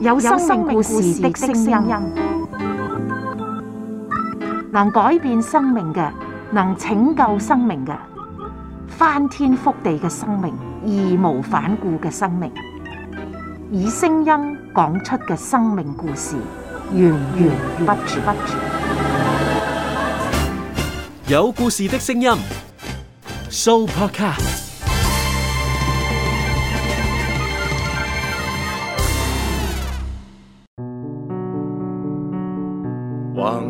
有生命故事的聲音，能改變生命嘅，能拯救生命嘅，翻天覆地嘅生命，義無反顧嘅生命，以聲音講出嘅生命故事，源源不絕。有故事的聲音，Soupercast。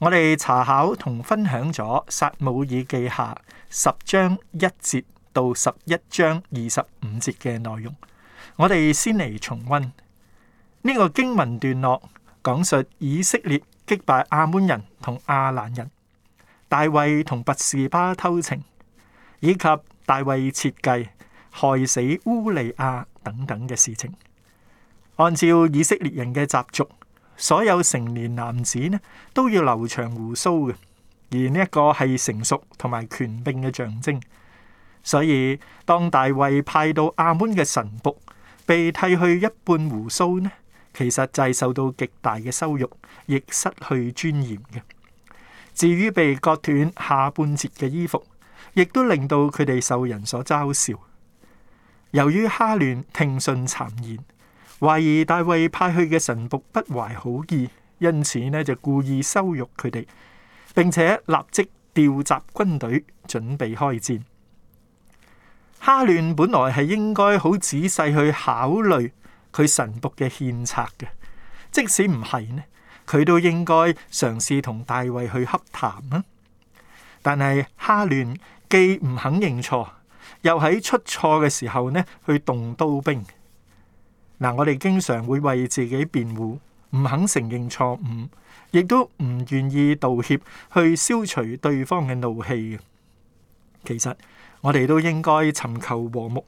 我哋查考同分享咗《撒母耳記下》十章一節到十一章二十五節嘅內容，我哋先嚟重溫呢、這個經文段落，講述以色列擊敗亞捫人同亞蘭人，大衛同拔士巴偷情，以及大衛設計害死烏利亞等等嘅事情。按照以色列人嘅習俗，所有成年男子呢都要留長鬍鬚嘅，而呢一個係成熟同埋權柄嘅象徵。所以當大衛派到亞門嘅神僕被剃去一半鬍鬚呢，其實就係受到極大嘅羞辱，亦失去尊嚴嘅。至於被割斷下半截嘅衣服，亦都令到佢哋受人所嘲笑。由於哈亂聽信讒言。懷疑大衛派去嘅神僕不懷好意，因此呢就故意羞辱佢哋，並且立即調集軍隊準備開戰。哈亂本來係應該好仔細去考慮佢神僕嘅獻策嘅，即使唔係呢，佢都應該嘗試同大衛去洽談啦。但係哈亂既唔肯認錯，又喺出錯嘅時候呢去動刀兵。嗱，我哋經常會為自己辯護，唔肯承認錯誤，亦都唔願意道歉，去消除對方嘅怒氣。其實我哋都應該尋求和睦，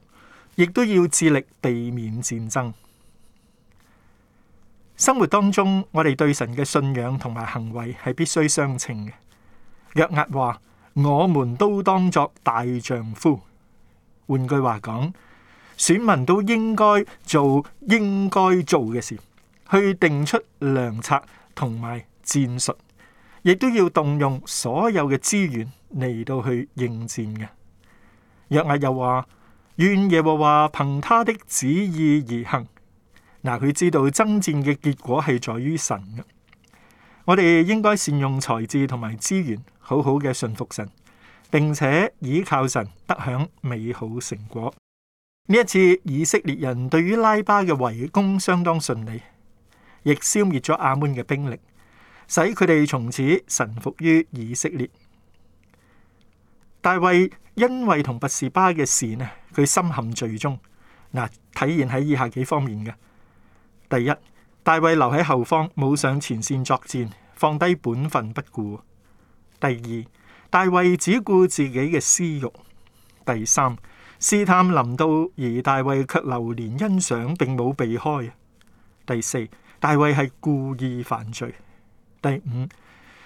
亦都要致力避免戰爭。生活當中，我哋對神嘅信仰同埋行為係必須相稱嘅。約押話：我們都當作大丈夫。換句話講。選民都應該做應該做嘅事，去定出良策同埋戰術，亦都要動用所有嘅資源嚟到去應戰嘅。約押又話：願耶和華憑他的旨意而行。嗱，佢知道爭戰嘅結果係在於神嘅。我哋應該善用才智同埋資源，好好嘅順服神，並且倚靠神得享美好成果。呢一次以色列人對於拉巴嘅圍攻相當順利，亦消滅咗亞捫嘅兵力，使佢哋從此臣服於以色列。大衛因為同拔士巴嘅事呢，佢深陷罪中。嗱，體現喺以下幾方面嘅：第一，大衛留喺後方，冇上前線作戰，放低本分不顧；第二，大衛只顧自己嘅私欲；第三。試探臨到，而大衛卻流連欣賞，並冇避開。第四，大衛係故意犯罪。第五，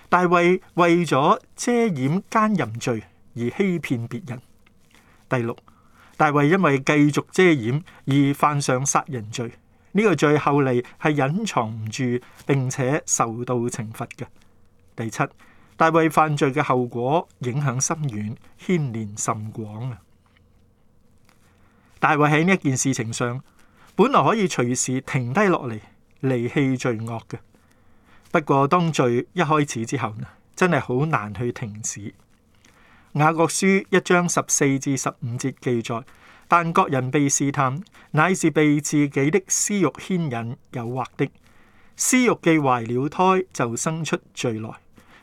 大衛為咗遮掩奸淫罪而欺騙別人。第六，大衛因為繼續遮掩而犯上殺人罪，呢、這個罪後嚟係隱藏唔住，並且受到懲罰嘅。第七，大衛犯罪嘅後果影響深遠，牽連甚廣啊！大衛喺呢一件事情上，本來可以隨時停低落嚟離棄罪惡嘅。不過當罪一開始之後呢，真係好難去停止。雅各書一章十四至十五節記載：但各人被試探，乃是被自己的私欲牽引誘惑的。私欲既懷了胎，就生出罪來；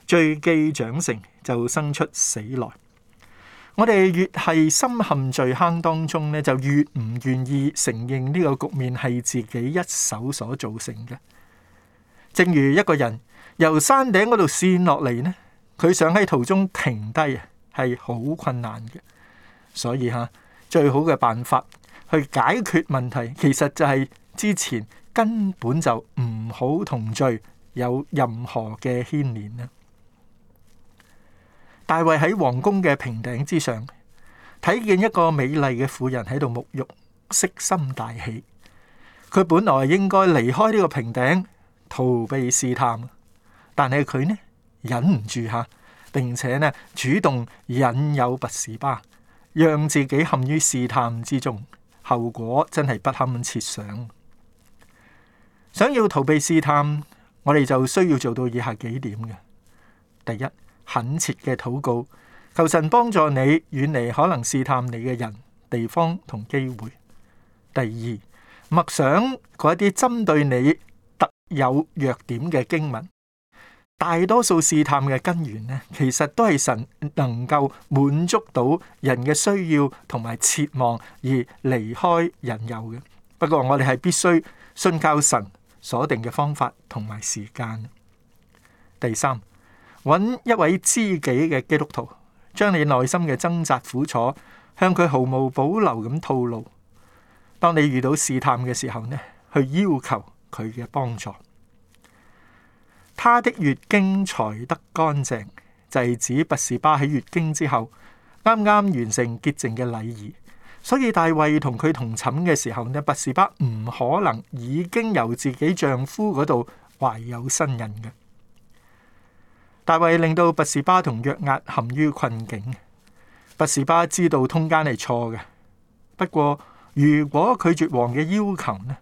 罪既長成就生出死來。我哋越係深陷罪坑當中咧，就越唔願意承認呢個局面係自己一手所造成嘅。正如一個人由山頂嗰度跣落嚟咧，佢想喺途中停低係好困難嘅。所以吓，最好嘅辦法去解決問題，其實就係之前根本就唔好同罪有任何嘅牽連啦。大衛喺王宮嘅平頂之上睇見一個美麗嘅婦人喺度沐浴，色心大起。佢本來應該離開呢個平頂逃避試探，但係佢呢忍唔住吓，並且呢主動引誘拔示巴，讓自己陷於試探之中。後果真係不堪設想。想要逃避試探，我哋就需要做到以下幾點嘅第一。懇切嘅禱告，求神幫助你遠離可能試探你嘅人、地方同機會。第二，默想嗰一啲針對你特有弱點嘅經文。大多數試探嘅根源呢，其實都係神能夠滿足到人嘅需要同埋期望而離開人有嘅。不過我哋係必須信靠神鎖定嘅方法同埋時間。第三。揾一位知己嘅基督徒，將你內心嘅掙扎苦楚向佢毫無保留咁吐露。當你遇到試探嘅時候呢，去要求佢嘅幫助。他的月經才得乾淨，就係指拔士巴喺月經之後啱啱完成潔淨嘅禮儀。所以大衛同佢同寢嘅時候呢，拔士巴唔可能已經由自己丈夫嗰度懷有身孕嘅。大衛令到拔士巴同約押陷於困境。拔士巴知道通奸係錯嘅，不過如果拒絕王嘅要求呢，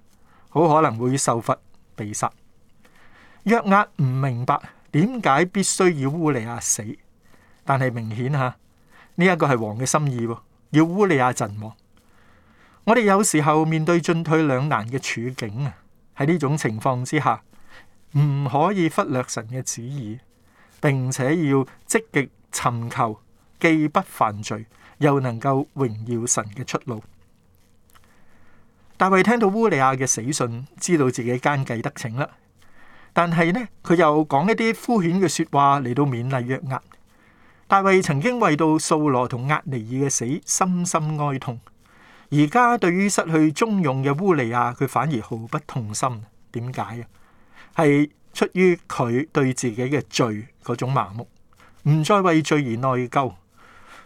好可能會受罰被殺。約押唔明白點解必須要烏利亞死，但係明顯吓呢一個係王嘅心意，要烏利亞陣亡。我哋有時候面對進退兩難嘅處境啊，喺呢種情況之下，唔可以忽略神嘅旨意。.並且要積極尋求既不犯罪又能夠榮耀神嘅出路。大衛聽到烏利亞嘅死訊，知道自己奸計得逞啦，但係呢，佢又講一啲敷衍嘅說話嚟到勉勵約押。大衛曾經為到掃羅同押尼爾嘅死深深哀痛，而家對於失去忠勇嘅烏利亞，佢反而毫不痛心。點解啊？係。出於佢對自己嘅罪嗰種麻木，唔再為罪而內疚，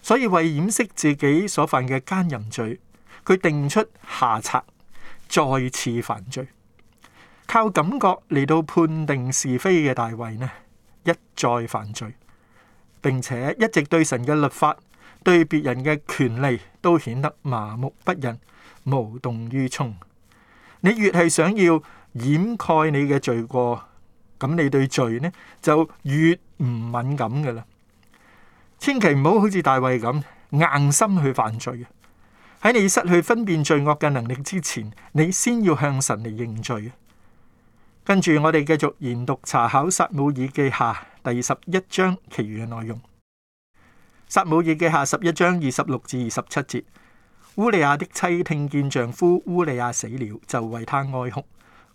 所以為掩飾自己所犯嘅奸淫罪，佢定出下策，再次犯罪。靠感覺嚟到判定是非嘅大衛呢，一再犯罪，並且一直對神嘅律法、對別人嘅權利都顯得麻木不仁、無動於衷。你越係想要掩蓋你嘅罪過。咁你對罪呢就越唔敏感噶啦，千祈唔好好似大衛咁硬心去犯罪嘅。喺你失去分辨罪惡嘅能力之前，你先要向神嚟認罪。跟住我哋繼續研讀查考撒母耳記下第二十一章其餘嘅內容。撒母耳記下十一章二十六至二十七節，烏利亞的妻聽見丈夫烏利亞死了，就為他哀哭。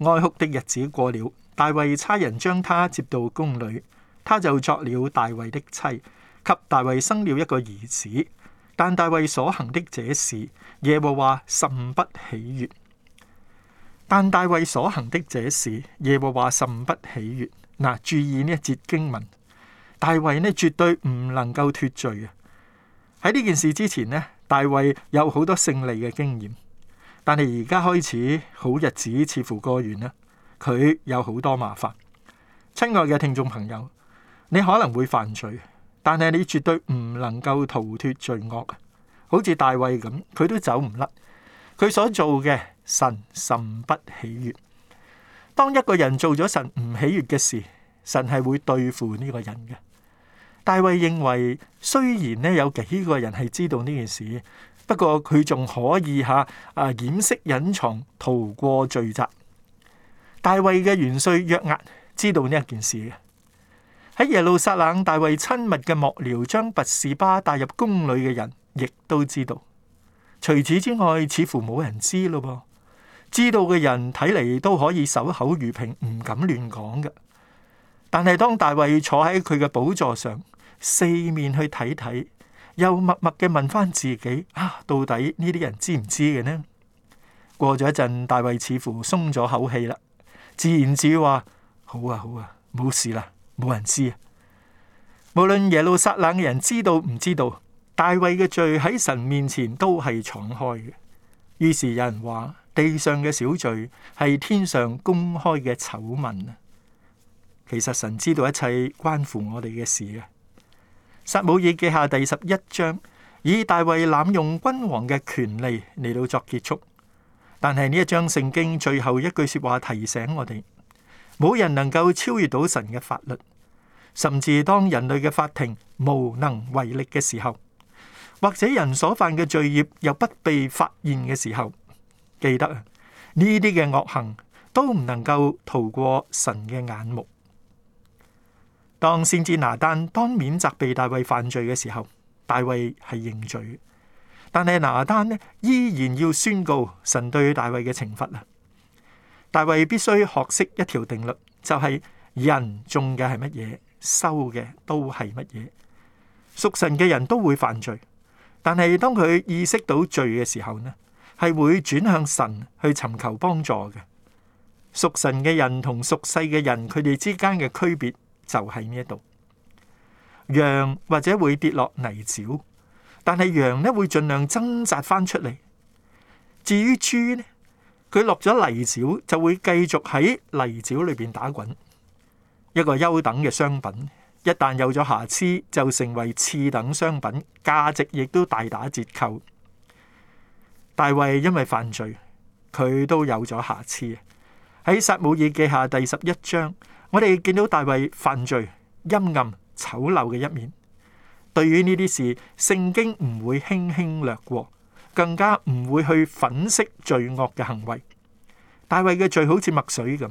哀哭的日子過了。大衛差人將他接到宮裏，他就作了大衛的妻，給大衛生了一個兒子。但大衛所行的這事，耶和華甚不喜悦。但大衛所行的這事，耶和華甚不喜悦。嗱、啊，注意呢一節經文，大衛呢絕對唔能夠脫罪嘅。喺呢件事之前呢，大衛有好多勝利嘅經驗，但係而家開始好日子似乎過完啦。佢有好多麻煩，親愛嘅聽眾朋友，你可能會犯罪，但係你絕對唔能夠逃脫罪惡。好似大衛咁，佢都走唔甩，佢所做嘅神甚不喜悅。當一個人做咗神唔喜悅嘅事，神係會對付呢個人嘅。大衛認為，雖然咧有幾個人係知道呢件事，不過佢仲可以吓啊掩飾隱藏，逃過罪責。大衛嘅元帥約押知道呢一件事嘅，喺耶路撒冷，大衛親密嘅幕僚將拔士巴帶入宮裏嘅人，亦都知道。除此之外，似乎冇人知咯。噃，知道嘅人睇嚟都可以守口如瓶，唔敢亂講嘅。但係當大衛坐喺佢嘅寶座上，四面去睇睇，又默默嘅問翻自己：啊，到底呢啲人知唔知嘅呢？過咗一陣，大衛似乎鬆咗口氣啦。自言自話：好啊，好啊，冇事啦，冇人知啊。無論耶路撒冷嘅人知道唔知道，大衛嘅罪喺神面前都係敞開嘅。於是有人話：地上嘅小罪係天上公開嘅醜聞啊！其實神知道一切關乎我哋嘅事嘅。撒母耳記下第十一章以大衛濫用君王嘅權利嚟到作結束。但係呢一章聖經最後一句說話提醒我哋，冇人能夠超越到神嘅法律，甚至當人類嘅法庭無能為力嘅時候，或者人所犯嘅罪業又不被發現嘅時候，記得，呢啲嘅惡行都唔能夠逃過神嘅眼目。當先知拿單當面責備大衛犯罪嘅時候，大衛係認罪。但係拿單呢，依然要宣告神對大衛嘅懲罰啦。大衛必須學識一條定律，就係、是、人種嘅係乜嘢，收嘅都係乜嘢。屬神嘅人都會犯罪，但係當佢意識到罪嘅時候呢，係會轉向神去尋求幫助嘅。屬神嘅人同屬世嘅人，佢哋之間嘅區別就喺呢一度。羊或者會跌落泥沼。但係羊咧，會盡量掙扎翻出嚟。至於豬呢，佢落咗泥沼就會繼續喺泥沼裏邊打滾。一個優等嘅商品，一旦有咗瑕疵，就成為次等商品，價值亦都大打折扣。大衛因為犯罪，佢都有咗瑕疵。喺撒母耳記下第十一章，我哋見到大衛犯罪陰暗醜陋嘅一面。對於呢啲事，聖經唔會輕輕略過，更加唔會去粉飾罪惡嘅行為。大衛嘅罪好似墨水咁，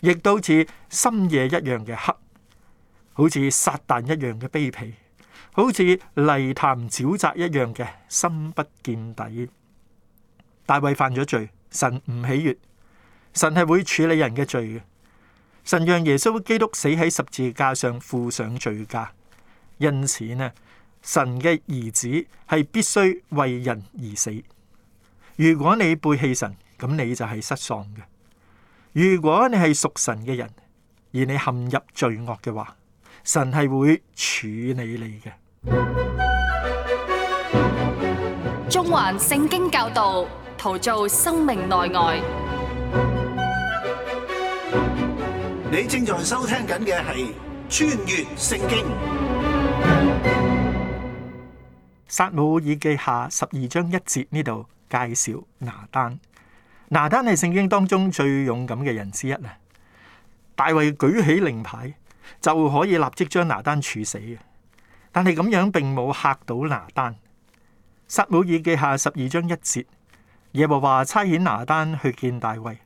亦都好似深夜一樣嘅黑，好似撒旦一樣嘅卑鄙，好似泥潭沼澤一樣嘅深不見底。大衛犯咗罪，神唔喜悅，神係會處理人嘅罪嘅。神讓耶穌基督死喺十字架上，附上罪價。因此呢，神嘅兒子係必須為人而死。如果你背棄神，咁你就係失喪嘅。如果你係屬神嘅人，而你陷入罪惡嘅話，神係會處理你嘅。中環聖經教導，陶造生命內外。你正在收聽緊嘅係穿越聖經。撒母耳記下十二章一節，呢度介紹拿單，拿單係聖經當中最勇敢嘅人之一啊！大衛舉起令牌就可以立即將拿單處死嘅，但係咁樣並冇嚇到拿單。撒母耳記下十二章一節，耶和華差遣拿單去見大衛。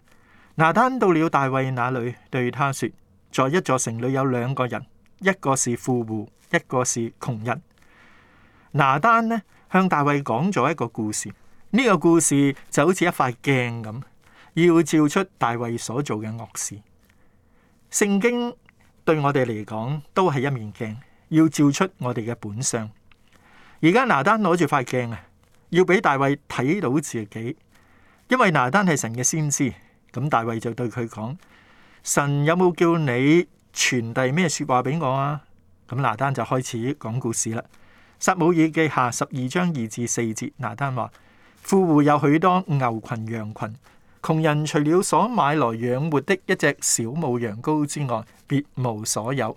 拿單到了大衛那裏，對他說：在一座城裏有兩個人，一個是富戶，一個是窮人。拿單呢向大衛講咗一個故事，呢、呢個故事就好似一塊鏡咁，要照出大衛所做嘅惡事。聖經對我哋嚟講都係一面鏡，要照出我哋嘅本相。而家拿單攞住塊鏡啊，要俾大衛睇到自己。因為拿單係神嘅先知，咁大衛就對佢講：神有冇叫你傳遞咩說話俾我啊？咁拿單就開始講故事啦。撒母耳記下十二章二至四節，拿單話：富戶有許多牛群羊群，窮人除了所買來養活的一隻小母羊羔之外，別無所有。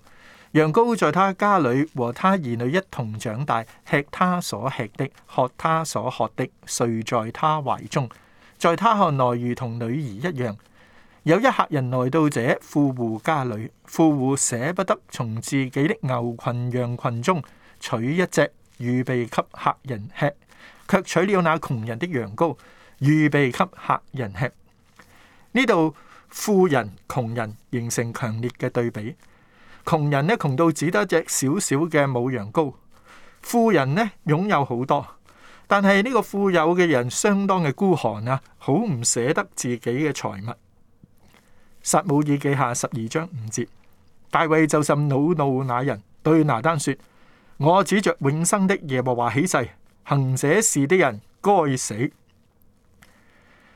羊羔在他家裏和他兒女一同長大，吃他所吃的，喝他所喝的，睡在他懷中，在他看來如同女兒一樣。有一客人來到這富戶家裏，富戶捨不得從自己的牛群羊群中。取一隻預備給客人吃，卻取了那窮人的羊羔預備給客人吃。呢度富人、窮人形成強烈嘅對比。窮人呢窮到只得一隻小小嘅母羊羔，富人呢擁有好多。但係呢個富有嘅人相當嘅孤寒啊，好唔捨得自己嘅財物。撒母耳記下十二章五節，大衛就甚惱怒那人，對拿單說。我指着永生的耶和華起誓，行這事的人該死。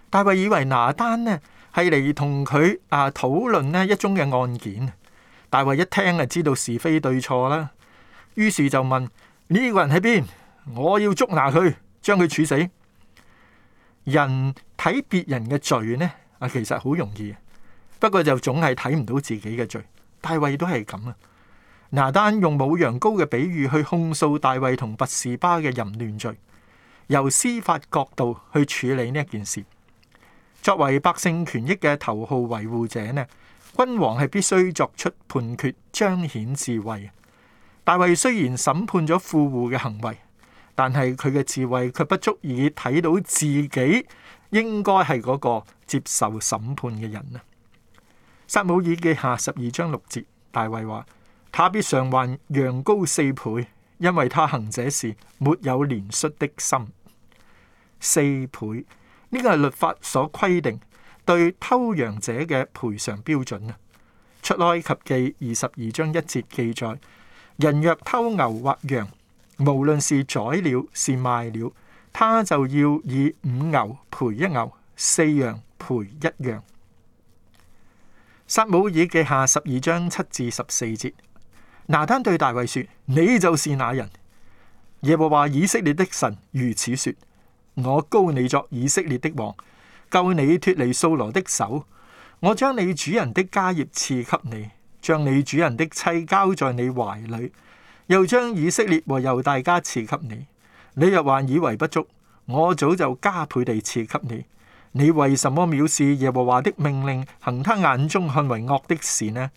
大衛以為拿單呢係嚟同佢啊討論呢一宗嘅案件，大衛一聽就知道是非對錯啦，於是就問呢個人喺邊？我要捉拿佢，將佢處死。人睇別人嘅罪呢啊其實好容易，不過就總係睇唔到自己嘅罪。大衛都係咁啊。拿單用母羊羔嘅比喻去控訴大衛同拔士巴嘅淫亂罪，由司法角度去處理呢一件事。作為百姓權益嘅頭號維護者呢，君王係必須作出判決，彰顯智慧。大衛雖然審判咗富戶嘅行為，但係佢嘅智慧卻不足以睇到自己應該係嗰個接受審判嘅人啊。撒母耳記下十二章六節，大衛話。他必償還羊羔四倍，因為他行這事，「沒有憐恤」的心。四倍呢個係律法所規定對偷羊者嘅賠償標準啊，《出埃及記》二十二章一節記載：人若偷牛或羊，無論是宰了是賣了，他就要以五牛賠一牛，四羊賠一羊。《撒母耳記下》十二章七至十四節。拿單對大衛說：你就是那人。耶和華以色列的神如此說：我膏你作以色列的王，救你脱離掃羅的手。我將你主人的家業賜給你，將你主人的妻交在你懷裏，又將以色列和猶大家賜給你。你若還以為不足，我早就加倍地賜給你。你為什麼藐視耶和華的命令，行他眼中看為惡的事呢？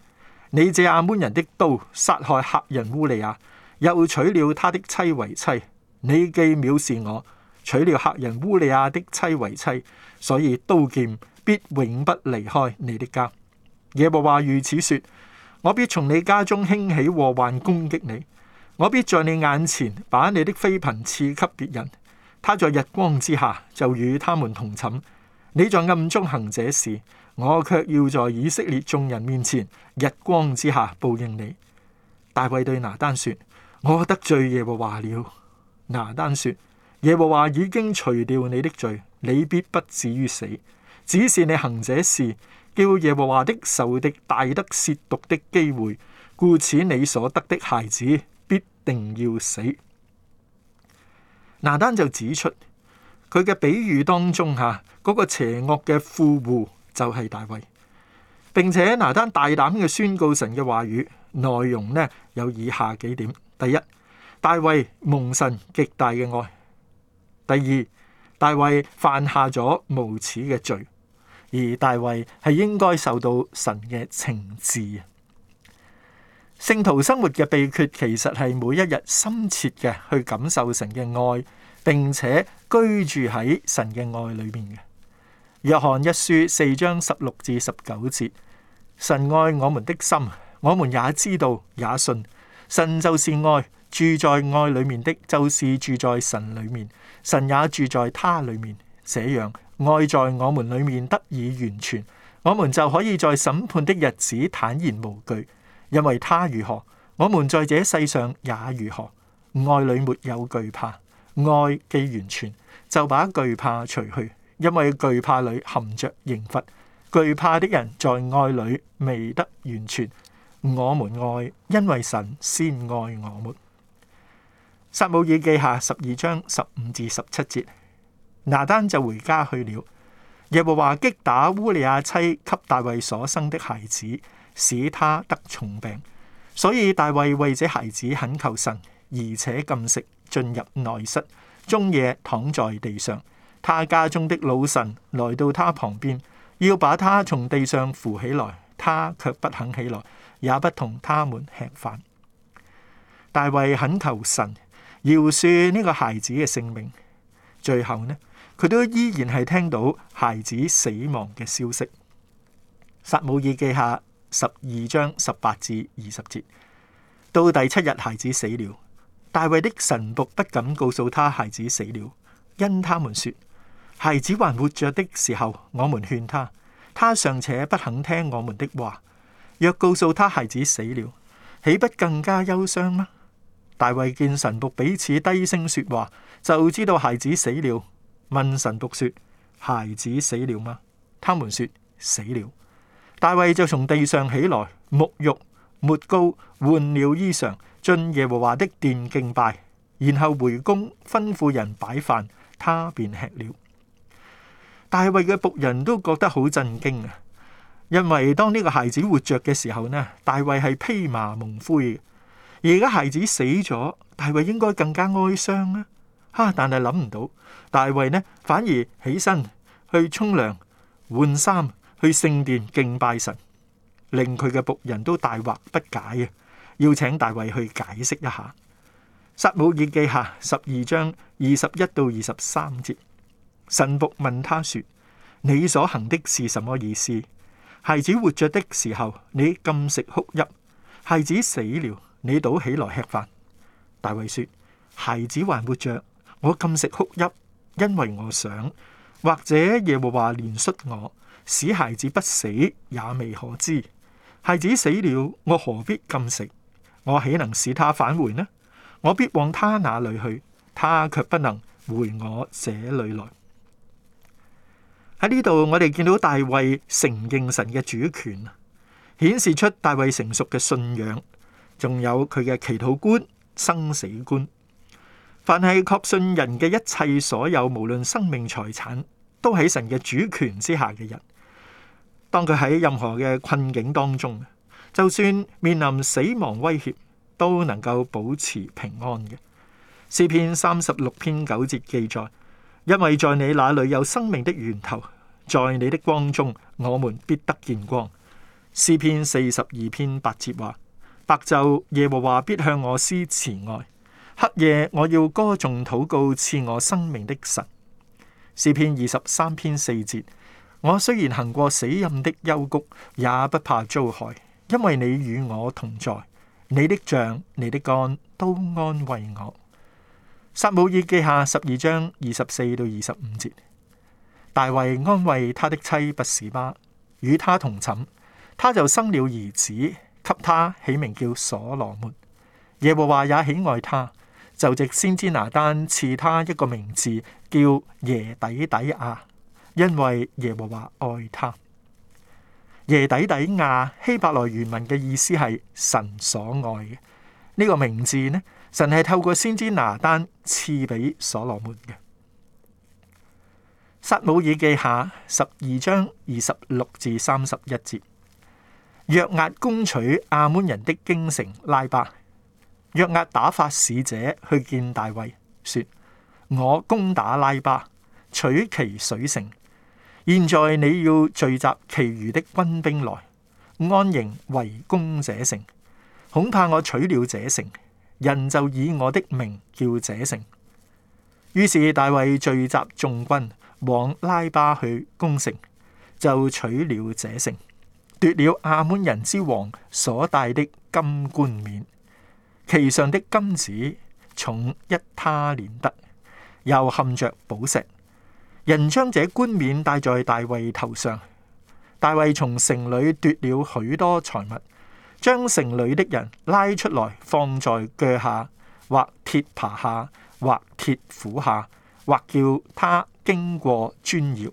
你借阿門人的刀殺害客人烏利亞，又娶了他的妻為妻。你既藐視我，娶了客人烏利亞的妻為妻，所以刀劍必永不離開你的家。耶和華如此說：我必從你家中興起禍患攻擊你，我必在你眼前把你的妃嬪賜給別人，他在日光之下就與他們同寢。你在暗中行這事，我卻要在以色列眾人面前日光之下報應你。大衛對拿單說：我得罪耶和華了。拿單說：耶和華已經除掉你的罪，你必不至於死。只是你行這事，叫耶和華的仇敵大得褻瀆的機會，故此你所得的孩子必定要死。拿單就指出。佢嘅比喻當中吓，嗰、那個邪惡嘅富戶就係大衛，並且拿單大膽嘅宣告神嘅話語，內容呢，有以下幾點：第一，大衛蒙神極大嘅愛；第二，大衛犯下咗無恥嘅罪，而大衛係應該受到神嘅懲治。聖徒生活嘅秘訣其實係每一日深切嘅去感受神嘅愛。並且居住喺神嘅愛裡面嘅。約翰一書四章十六至十九節：神愛我們的心，我們也知道也信，神就是愛，住在愛裡面的，就是住在神裡面，神也住在他裡面。這樣愛在我們裡面得以完全，我們就可以在審判的日子坦然無懼，因為他如何，我們在這世上也如何，愛裡沒有懼怕。愛既完全，就把懼怕除去，因為懼怕裏含着刑罰。懼怕的人在愛裏未得完全。我們愛，因為神先愛我們。撒母耳記下十二章十五至十七節，拿單就回家去了。耶和華擊打烏利亞妻給大衛所生的孩子，使他得重病。所以大衛為這孩子懇求神，而且禁食。進入內室，終夜躺在地上。他家中的老神來到他旁邊，要把他從地上扶起來，他卻不肯起來，也不同他們吃飯。大衛懇求神饒恕呢個孩子嘅性命，最後呢，佢都依然係聽到孩子死亡嘅消息。撒母耳記下十二章十八至二十節，到第七日，孩子死了。大衛的臣僕不敢告訴他孩子死了，因他們說孩子還活着的時候，我們勸他，他尚且不肯聽我們的話。若告訴他孩子死了，豈不更加憂傷嗎？大衛見臣僕彼此低聲說話，就知道孩子死了。問臣僕說：孩子死了嗎？他們說死了。大衛就從地上起來，沐浴、抹膏、換了衣裳。進耶和華的殿敬拜，然後回宮吩咐人擺飯，他便吃了。大衛嘅僕人都覺得好震驚啊！因為當呢個孩子活着嘅時候呢，大衛係披麻蒙灰嘅，而家孩子死咗，大衛應該更加哀傷啊！哈，但係諗唔到，大衛呢反而起身去沖涼、換衫、去聖殿敬拜神，令佢嘅僕人都大惑不解啊！要請大衛去解釋一下《撒母耳記下》十二章二十一到二十三節。神僕問他說：你所行的是什麼意思？孩子活着的時候，你禁食哭泣；孩子死了，你倒起來吃飯。大衛說：孩子還活着，我禁食哭泣，因為我想或者耶和華憐恤我，使孩子不死也未可知。孩子死了，我何必禁食？我豈能使他返回呢？我必往他那裏去，他卻不能回我這裏來。喺呢度，我哋見到大衛承認神嘅主權，顯示出大衛成熟嘅信仰，仲有佢嘅祈禱觀、生死觀。凡係確信人嘅一切所有，無論生命、財產，都喺神嘅主權之下嘅人，當佢喺任何嘅困境當中，就算面臨死亡威脅，都能夠保持平安嘅。詩篇三十六篇九節記載：因為在你那裏有生命的源頭，在你的光中，我們必得見光。詩篇四十二篇八節話：白晝耶和華必向我施慈愛，黑夜我要歌頌禱告，賜我生命的神。詩篇二十三篇四節：我雖然行過死蔭的幽谷，也不怕遭害。因為你與我同在，你的杖、你的竿都安慰我。撒母耳記下十二章二十四到二十五節，大衛安慰他的妻拔示巴，與她同寢，他就生了兒子，給他起名叫所羅門。耶和華也喜愛他，就藉先知拿單賜他一個名字，叫耶底底亞，因為耶和華愛他。耶底底亞、啊、希伯來原文嘅意思係神所愛嘅呢，這個名字呢，神係透過先知拿單賜俾所羅門嘅。撒母耳記下十二章二十六至三十一節，約押攻取亞捫人的京城拉巴，約押打發使者去見大衛，說：我攻打拉巴，取其水城。現在你要聚集其餘的軍兵來安營圍攻這城，恐怕我取了這城，人就以我的名叫這城。於是大衛聚集眾軍往拉巴去攻城，就取了這城，奪了亞捫人之王所戴的金冠冕，其上的金子重一他連得，又嵌着寶石。人將這冠冕戴在大衛頭上，大衛從城裏奪了許多財物，將城裏的人拉出來放在鋸下，或鐵耙下，或鐵斧下，或叫他經過磚窯。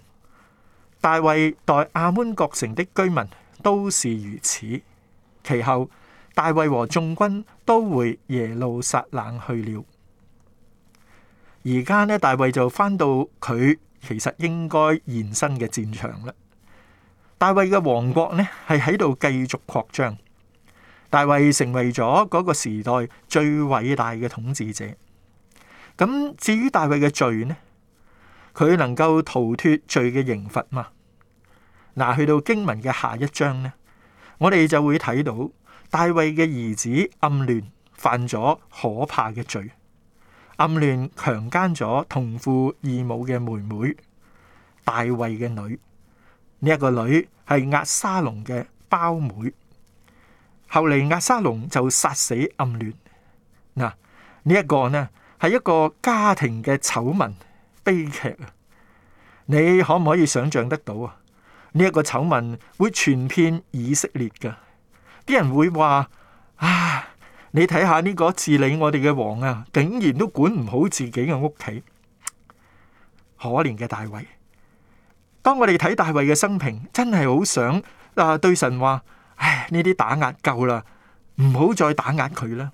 大衛待亞捫各城的居民都是如此。其後大衛和眾軍都回耶路撒冷去了。而家呢，大衛就翻到佢。其實應該延伸嘅戰場啦。大衛嘅王國咧係喺度繼續擴張，大衛成為咗嗰個時代最偉大嘅統治者。咁至於大衛嘅罪呢？佢能夠逃脫罪嘅刑罰嗎？嗱，去到經文嘅下一章呢，我哋就會睇到大衛嘅兒子暗嫩犯咗可怕嘅罪。暗嫩強姦咗同父異母嘅妹妹，大衛嘅女，呢、這、一個女係押沙龍嘅胞妹。後嚟押沙龍就殺死暗嫩。嗱，呢、這、一個呢係一個家庭嘅醜聞悲劇，你可唔可以想象得到啊？呢、這、一個醜聞會傳遍以色列嘅，啲人會話啊！你睇下呢個治理我哋嘅王啊，竟然都管唔好自己嘅屋企，可憐嘅大衛。當我哋睇大衛嘅生平，真係好想啊對神話：唉，呢啲打壓夠啦，唔好再打壓佢啦。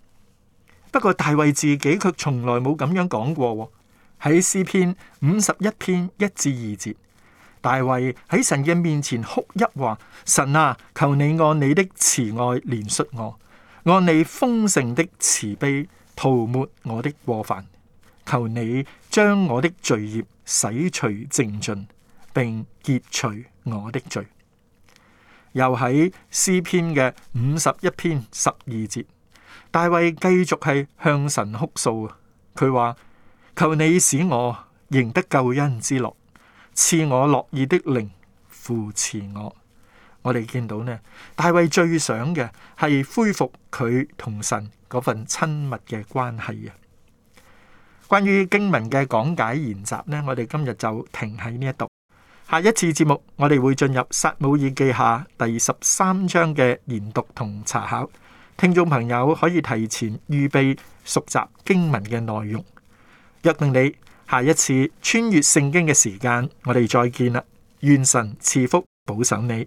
不過大衛自己卻從來冇咁樣講過。喺詩篇五十一篇一至二節，大衛喺神嘅面前哭一話：神啊，求你按你的慈愛憐恤我。按你豐盛的慈悲塗抹我的過犯，求你將我的罪孽洗除淨盡，並潔除我的罪。又喺詩篇嘅五十一篇十二節，大衛繼續係向神哭訴，佢話：求你使我贏得救恩之樂，賜我樂意的靈扶持我。我哋見到呢，大衛最想嘅係恢復佢同神嗰份親密嘅關係啊。關於經文嘅講解研習呢，我哋今日就停喺呢一度。下一次節目我哋會進入撒母耳記下第十三章嘅研讀同查考。聽眾朋友可以提前預備熟習經文嘅內容。約定你下一次穿越聖經嘅時間，我哋再見啦。願神賜福保守你。